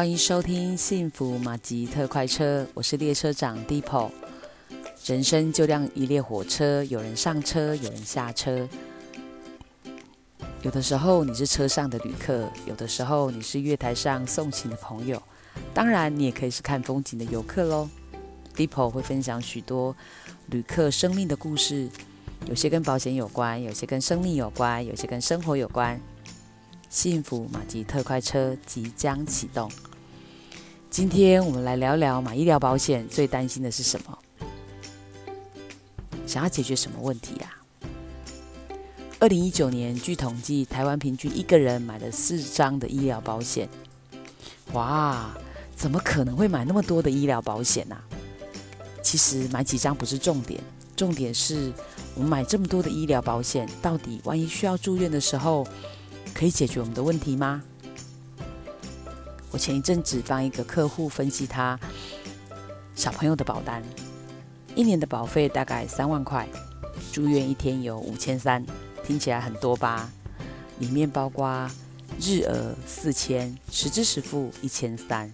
歡迎收聽《幸福馬吉特快車》，我是列車長 Deepo。人生就像一列火車，有人上車，有人下車。有的時候你是車上的旅客，有的時候你是月台上送行的朋友，當然你也可以是看風景的遊客嘍。Deepo 會分享許多旅客生命的故事，有些跟保險有關，有些跟生命有關，有些跟生活有關。幸福馬吉特快車即將啟動。今天我們來聊聊買醫療保險最擔心的是什麼？想要解決什麼問題呀？二零一九年，據統計，台灣平均一個人買了四張的醫療保險。哇，怎麼可能會買那麼多的醫療保險呢？其實買幾張不是重點，重點是我們買這麼多的醫療保險，到底萬一需要住院的時候，可以解決我們的問題嗎？我前一陣子幫一個客戶分析他小朋友的保單，一年的保費大概三萬塊，住院一天有五千三，聽起來很多吧？裡面包括日額四千，實支實付一千三。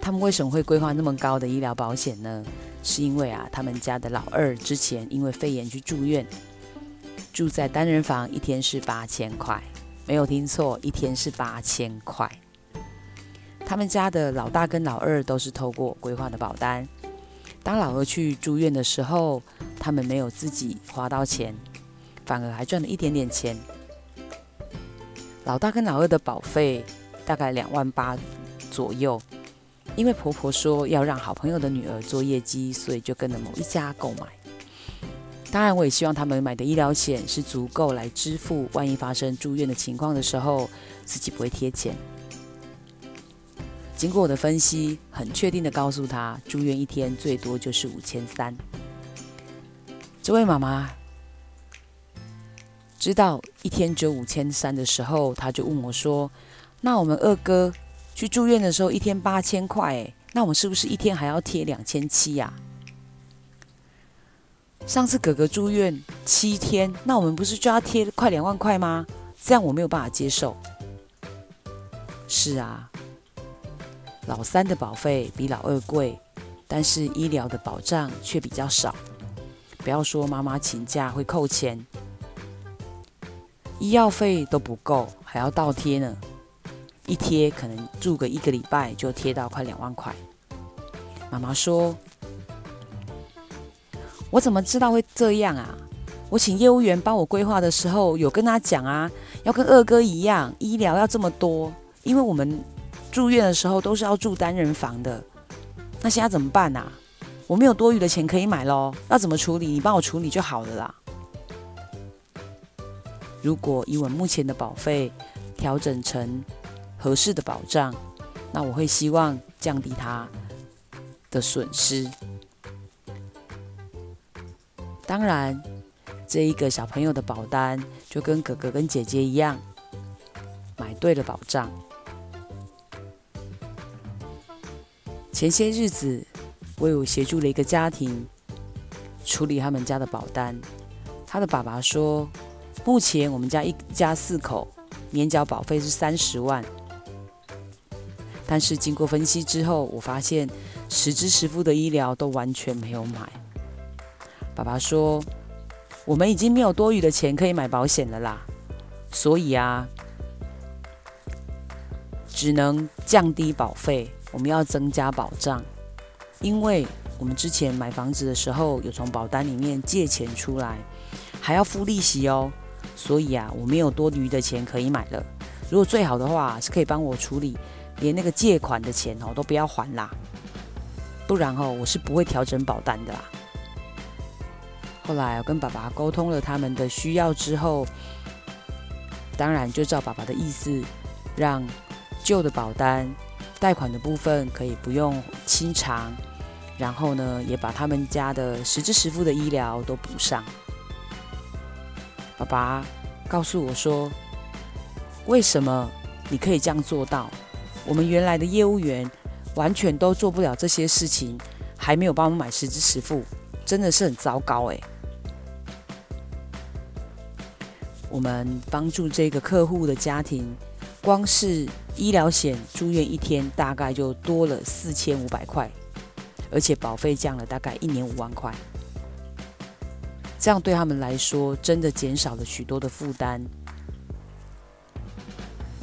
他們為什麼會規劃那麼高的醫療保險呢？是因為啊，他們家的老二之前因為肺炎去住院，住在單人房一天是八千塊，沒有聽錯，一天是八千塊。他們家的老大跟老二都是透過規劃的保單。當老二去住院的時候，他們沒有自己花到錢，反而還賺了一點點錢。老大跟老二的保費大概兩萬八左右，因為婆婆說要讓好朋友的女兒做業績，所以就跟了某一家購買。當然，我也希望他們買的醫療險是足夠來支付，萬一發生住院的情況的時候，自己不會貼錢。經過我的分析，很確定的告訴他，住院一天最多就是五千三。這位媽媽知道一天只有五千三的時候，她就問我說：“那我們二哥去住院的時候，一天八千塊、欸，哎，那我們是不是一天還要貼兩千七呀？上次哥哥住院七天，那我們不是就要貼快兩萬塊嗎？這樣我沒有辦法接受。是啊。”老三的保費比老二貴，但是醫療的保障卻比較少。不要說媽媽請假會扣錢，醫藥費都不夠，還要倒貼呢。一貼可能住個一個禮拜就貼到快兩萬塊。媽媽說：“我怎麼知道會這樣啊？我請業務員幫我規劃的時候，有跟他講啊，要跟二哥一樣，醫療要這麼多，因為我們……”住院的時候都是要住單人房的，那現在怎麼辦啊？我沒有多餘的錢可以買咯。要怎麼處理？你幫我處理就好了啦。如果以我目前的保費調整成合適的保障，那我會希望降低他的損失。當然，這一個小朋友的保單就跟哥哥跟姐姐一樣，買對了保障。前些日子，我有協助了一個家庭處理他們家的保單。他的爸爸說，目前我們家一家四口，年繳保費是三十萬。但是經過分析之後，我發現實支實付醫療都完全沒有買。爸爸說，我們已經沒有多餘的錢可以買保險了啦，所以啊，只能降低保費。我們要增加保障，因為我們之前買房子的時候有從保單裡面借錢出來，還要付利息哦，所以啊，我沒有多餘的錢可以買了。如果最好的話是可以幫我處理，連那個借款的錢哦都不要還啦，不然哦，我是不會調整保單的啦。後來我跟爸爸溝通了他們的需要之後，當然就照爸爸的意思，讓舊的保單。貸款的部分可以不用清償，然後呢，也把他們家的實支實付的醫療都補上。爸爸告訴我說：“為什麼你可以這樣做到？我們原來的業務員完全都做不了這些事情，還沒有幫我們買實支實付，真的是很糟糕哎、欸。”我們幫助這個客戶的家庭，光是醫療險住院一天，大概就多了四千五百塊，而且保費降了大概一年五萬塊，這樣對他們來說真的減少了許多的負擔。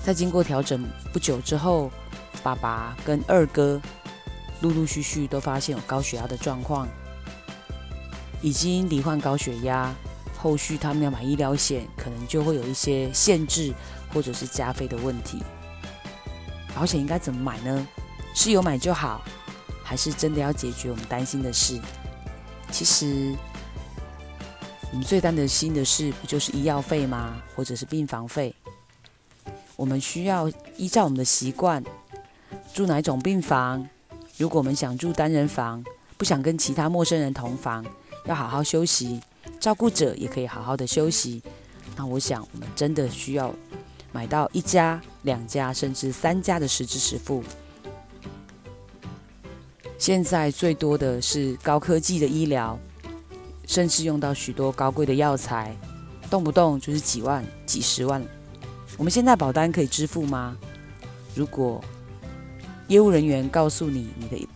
在經過調整不久之後，爸爸跟二哥陸陸續續都發現有高血壓的狀況，已經罹患高血壓。後續他們要買醫療險，可能就會有一些限制或者是加費的問題。保險應該怎麼買呢？是有買就好，還是真的要解決我們擔心的事？其實，我們最擔心的事不就是醫藥費嗎？或者是病房費？我們需要依照我們的習慣住哪種病房。如果我們想住單人房，不想跟其他陌生人同房，要好好休息。照顧者也可以好好的休息，那我想我們真的需要買到一家、兩家甚至三家的實支實付。現在最多的是高科技的醫療，甚至用到許多高貴的藥材，動不動就是幾萬、幾十萬。我們現在保單可以支付嗎？如果業務人員告訴你，你的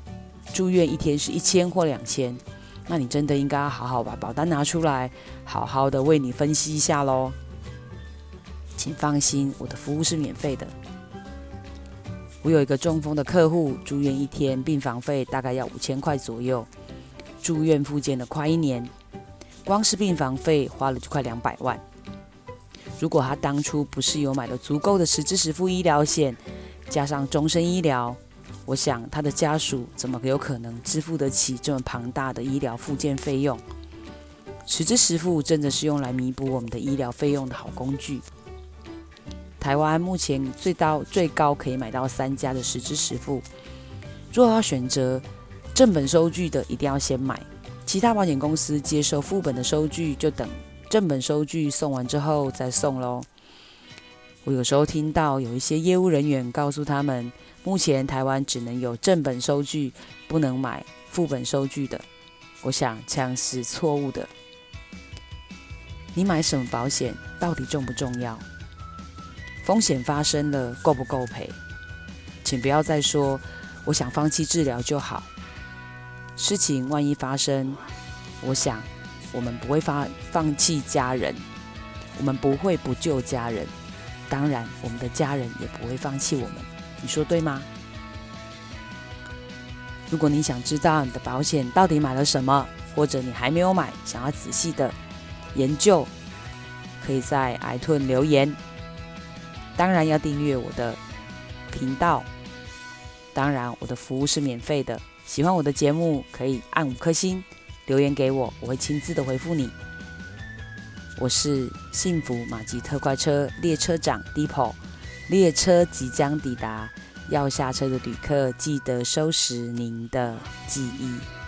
住院一天是一千或兩千，那你真的應該好好把保單拿出來，好好的為你分析一下嘍。請放心，我的服務是免費的。我有一個中風的客戶，住院一天病房費大概要五千塊左右，住院復健了快一年，光是病房費花了就快兩百萬。如果他當初不是有買了足夠的實支實付醫療險，加上終身醫療。我想他的家屬怎麼有可能支付得起這麼龐大的醫療復健費用？實支實付真的是用來彌補我們的醫療費用的好工具。台灣目前最高最高可以買到三家的實支實付，如果要選擇正本收據的，一定要先買；其他保險公司接受副本的收據，就等正本收據送完之後再送咯。我有時候聽到有一些業務人員告訴他們。目前台灣只能有正本收據，不能買副本收據的。我想這樣是錯誤的。你買什麼保險到底重不重要？風險發生了夠不夠賠？請不要再說我想放棄治療就好。事情萬一發生，我想我們不會發放棄家人，我們不會不救家人。當然，我們的家人也不會放棄我們。你說對嗎？如果你想知道你的保險到底買了什麼，或者你還沒有買，想要仔細的研究，可以在 iTunes 留言。當然要訂閱我的頻道。當然，我的服務是免費的。喜歡我的節目，可以按五顆星留言給我，我會親自的回復你。我是幸福馬吉特快車列車長 Deepo。列車即將抵達，要下車的旅客記得收拾您的記憶。